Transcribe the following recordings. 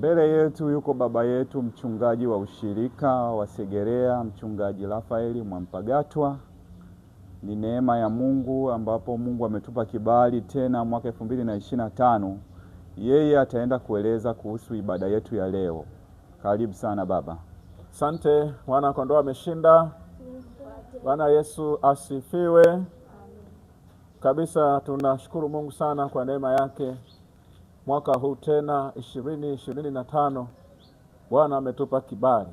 Mbele yetu yuko baba yetu mchungaji wa ushirika wa Segerea, mchungaji Rafaeli Mwampagatwa. Ni neema ya Mungu ambapo Mungu ametupa kibali tena mwaka elfu mbili na ishirini na tano. Yeye ataenda kueleza kuhusu ibada yetu ya leo. Karibu sana baba. sante Mwana kondoo ameshinda. Bwana Yesu asifiwe. Kabisa tunashukuru Mungu sana kwa neema yake mwaka huu tena ishirini ishirini na tano. Bwana ametupa kibali.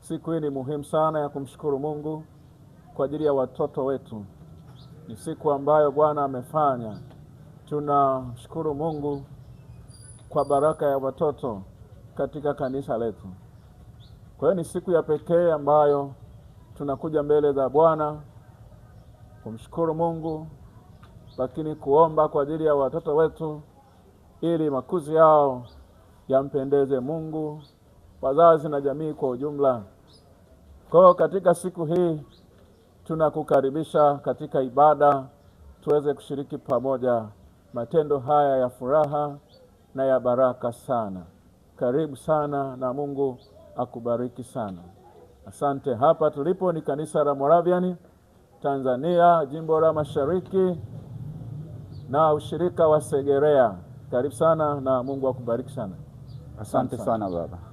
Siku hii ni muhimu sana ya kumshukuru Mungu kwa ajili ya watoto wetu. Ni siku ambayo Bwana amefanya. tunashukuru Mungu kwa baraka ya watoto katika kanisa letu. Kwa hiyo ni siku ya pekee ambayo tunakuja mbele za Bwana kumshukuru Mungu, lakini kuomba kwa ajili ya watoto wetu ili makuzi yao yampendeze Mungu, wazazi na jamii kwa ujumla. Kwa katika siku hii tunakukaribisha katika ibada tuweze kushiriki pamoja matendo haya ya furaha na ya baraka sana. Karibu sana na Mungu akubariki sana. Asante. Hapa tulipo ni kanisa la Moravian Tanzania, jimbo la Mashariki na ushirika wa Segerea. Karibu sana na Mungu akubariki sana. Asante, asante sana baba.